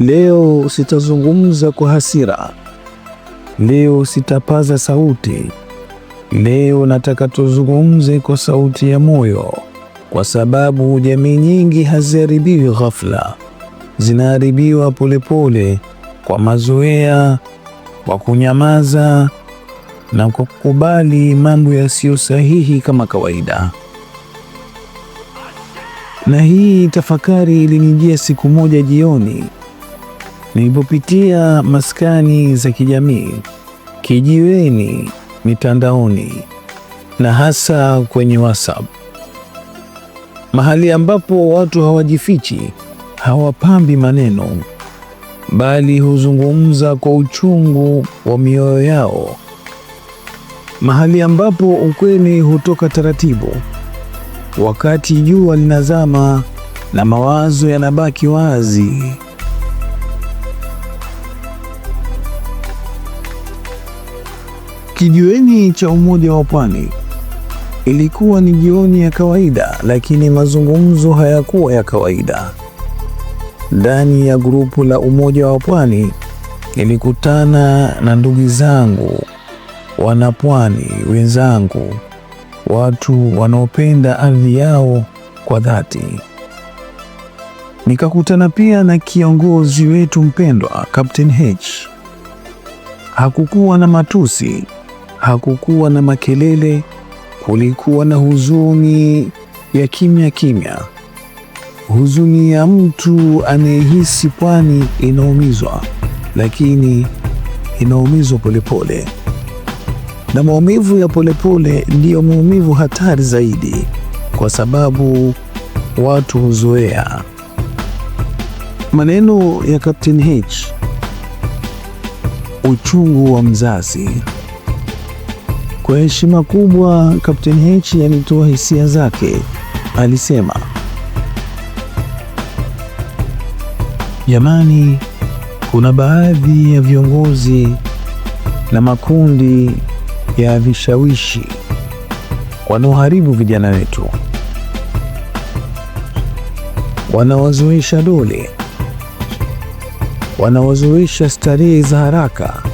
Leo sitazungumza kwa hasira, leo sitapaza sauti. Leo nataka tuzungumze kwa sauti ya moyo, kwa sababu jamii nyingi haziharibiwi ghafla, zinaharibiwa polepole, kwa mazoea, kwa kunyamaza na kwa kukubali mambo yasiyo sahihi kama kawaida. Na hii tafakari ilinijia siku moja jioni Nilipopitia maskani za kijamii, kijiweni, mitandaoni na hasa kwenye WhatsApp, mahali ambapo watu hawajifichi, hawapambi maneno, bali huzungumza kwa uchungu wa mioyo yao, mahali ambapo ukweli hutoka taratibu wakati jua linazama na mawazo yanabaki wazi. Kijiweni cha Umoja wa Pwani. Ilikuwa ni jioni ya kawaida, lakini mazungumzo hayakuwa ya kawaida. Ndani ya grupu la Umoja wa Pwani nilikutana na ndugu zangu, wanapwani wenzangu, watu wanaopenda ardhi yao kwa dhati. Nikakutana pia na kiongozi wetu mpendwa Captain H. Hakukuwa na matusi hakukuwa na makelele, kulikuwa na huzuni ya kimya kimya, huzuni ya mtu anayehisi pwani inaumizwa, lakini inaumizwa polepole, na maumivu ya polepole ndiyo maumivu hatari zaidi, kwa sababu watu huzoea. Maneno ya Captain H: uchungu wa mzazi. Kwa heshima kubwa, Kapteni H alitoa hisia zake, alisema, jamani, kuna baadhi ya viongozi na makundi ya vishawishi wanaoharibu vijana wetu, wanawazoesha dole, wanawazoesha starehe za haraka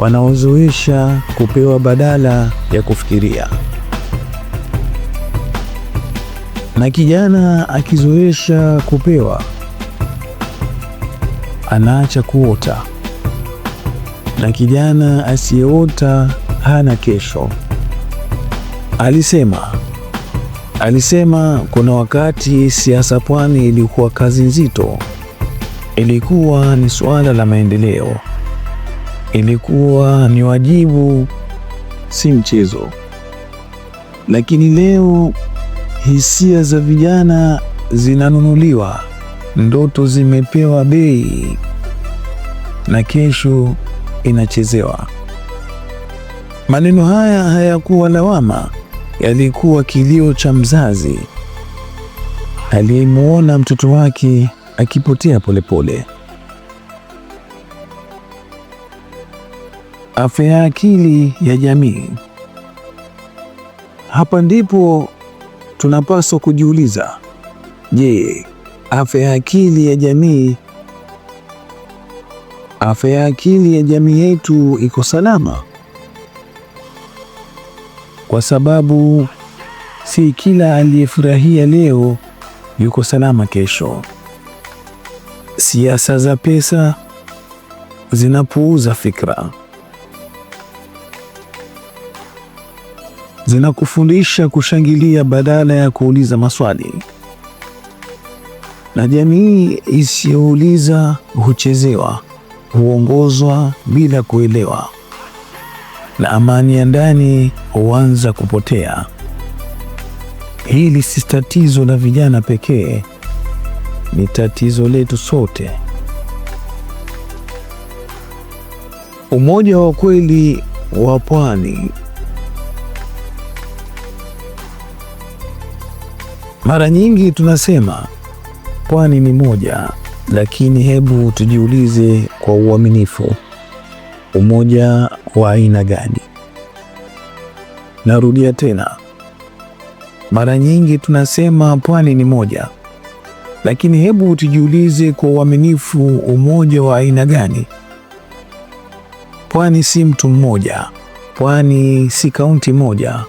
wanaozuisha kupewa badala ya kufikiria. Na kijana akizoesha kupewa, anaacha kuota, na kijana asiyeota hana kesho. Alisema alisema kuna wakati siasa Pwani ilikuwa kazi nzito, ilikuwa ni suala la maendeleo. Ilikuwa ni wajibu, si mchezo. Lakini leo hisia za vijana zinanunuliwa, ndoto zimepewa bei, na kesho inachezewa. Maneno haya hayakuwa lawama, yalikuwa kilio cha mzazi aliyemwona mtoto wake akipotea polepole pole. Afya ya akili ya jamii. Hapa ndipo tunapaswa kujiuliza, je, afya ya akili ya jamii, afya ya akili ya jamii yetu iko salama? Kwa sababu si kila aliyefurahia leo yuko salama kesho. Siasa za pesa zinapuuza fikra. zinakufundisha kushangilia badala ya kuuliza maswali, na jamii isiyouliza huchezewa, huongozwa bila kuelewa, na amani ya ndani huanza kupotea. Hili si tatizo la vijana pekee, ni tatizo letu sote. Umoja wa kweli wa pwani Mara nyingi tunasema pwani ni moja, lakini hebu tujiulize kwa uaminifu, umoja wa aina gani? Narudia tena, mara nyingi tunasema pwani ni moja, lakini hebu tujiulize kwa uaminifu, umoja wa aina gani? Pwani si mtu mmoja, pwani si kaunti moja,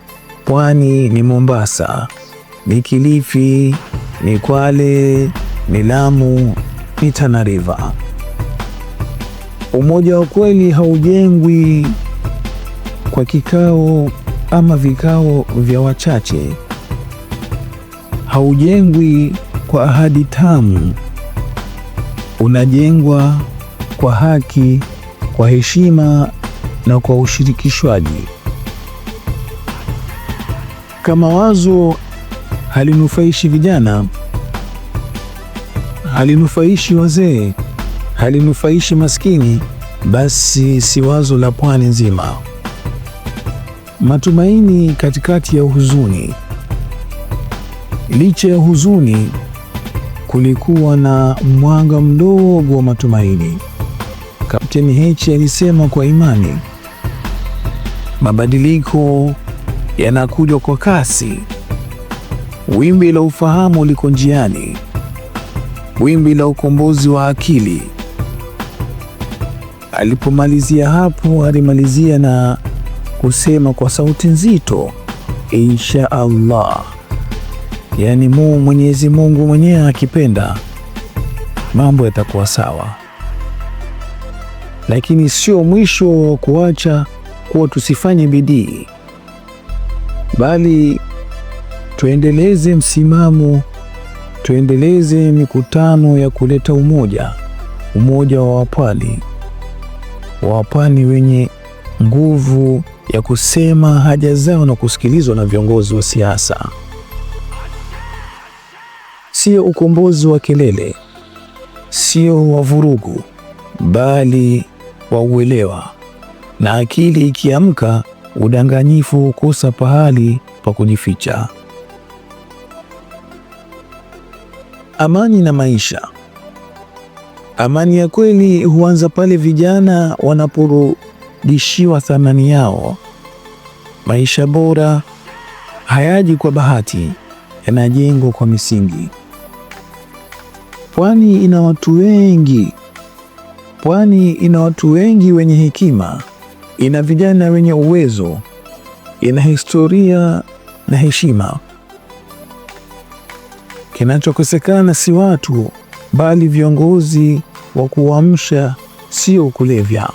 pwani ni Mombasa, ni Kilifi, ni Kwale, ni Lamu, ni Tana River. Umoja wa kweli haujengwi kwa kikao ama vikao vya wachache, haujengwi kwa ahadi tamu, unajengwa kwa haki, kwa heshima na kwa ushirikishwaji. Kama wazo halinufaishi vijana, halinufaishi wazee, halinufaishi maskini, basi si wazo la pwani nzima. Matumaini katikati ya huzuni. Licha ya huzuni, kulikuwa na mwanga mdogo wa matumaini. Kapteni H alisema kwa imani, mabadiliko yanakuja kwa kasi. Wimbi la ufahamu liko njiani, wimbi la ukombozi wa akili. Alipomalizia hapo, alimalizia na kusema kwa sauti nzito, insha Allah, yaani mu Mwenyezi Mungu mwenyewe akipenda mambo yatakuwa sawa. Lakini sio mwisho wa kuacha kuwa tusifanye bidii, bali Tuendeleze msimamo, tuendeleze mikutano ya kuleta umoja, umoja wa Wapwani, wa Wapwani wenye nguvu ya kusema haja zao na kusikilizwa na viongozi wa siasa, sio ukombozi wa kelele, sio wa vurugu, bali wa uelewa. Na akili ikiamka, udanganyifu hukosa pahali pa kujificha. Amani na maisha. Amani ya kweli huanza pale vijana wanaporudishiwa thamani yao. Maisha bora hayaji kwa bahati, yanajengwa kwa misingi. Pwani ina watu wengi, pwani ina watu wengi wenye hekima, ina vijana wenye uwezo, ina historia na heshima. Kinachokosekana si watu, bali viongozi wa kuamsha, sio kulevya.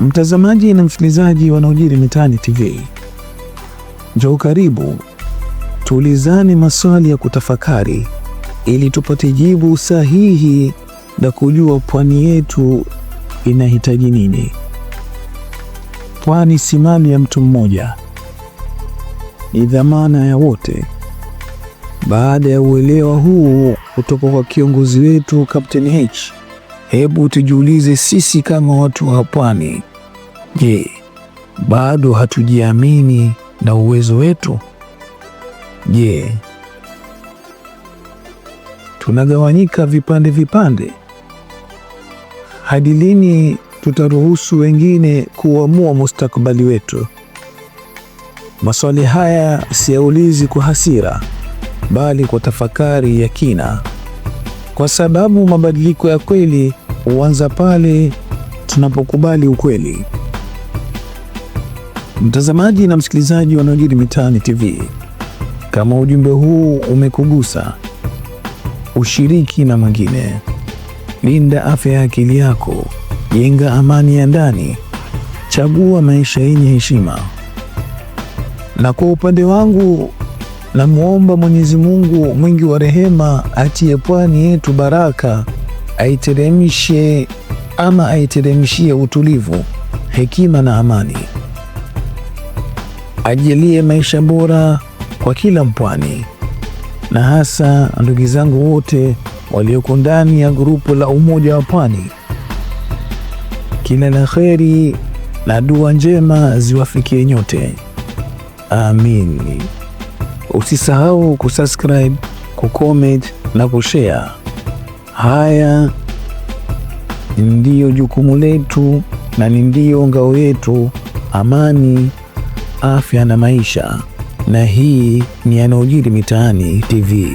Mtazamaji na msikilizaji yanayojiri mitaani TV, njoo karibu tuulizane maswali ya kutafakari ili tupate jibu sahihi na kujua pwani yetu inahitaji nini. Pwani si mali ya mtu mmoja, ni dhamana ya wote. Baada ya uelewa huu kutoka kwa kiongozi wetu Captain H, hebu tujiulize sisi kama watu wa Pwani, je, bado hatujiamini na uwezo wetu? Je, tunagawanyika vipande vipande? Hadi lini tutaruhusu wengine kuamua mustakabali wetu? Maswali haya siyaulizi kwa hasira, bali kwa tafakari ya kina, kwa sababu mabadiliko ya kweli huanza pale tunapokubali ukweli. Mtazamaji na msikilizaji wa yanayojiri mitaani TV, kama ujumbe huu umekugusa, ushiriki na mwingine. Linda afya ya akili yako, jenga amani ya ndani, chagua maisha yenye heshima. Na kwa upande wangu namwomba Mwenyezi Mungu mwingi wa rehema atie pwani yetu baraka, aiteremshe ama aiteremshie utulivu, hekima na amani, ajalie maisha bora kwa kila mpwani, na hasa ndugu zangu wote walioko ndani ya grupu la Umoja wa Pwani. Kila la kheri na dua njema ziwafikie nyote amini. Usisahau kusubscribe, kucomment na kushare. Haya ndiyo jukumu letu na ni ndiyo ngao yetu: amani, afya na maisha. Na hii ni yanayojiri mitaani TV.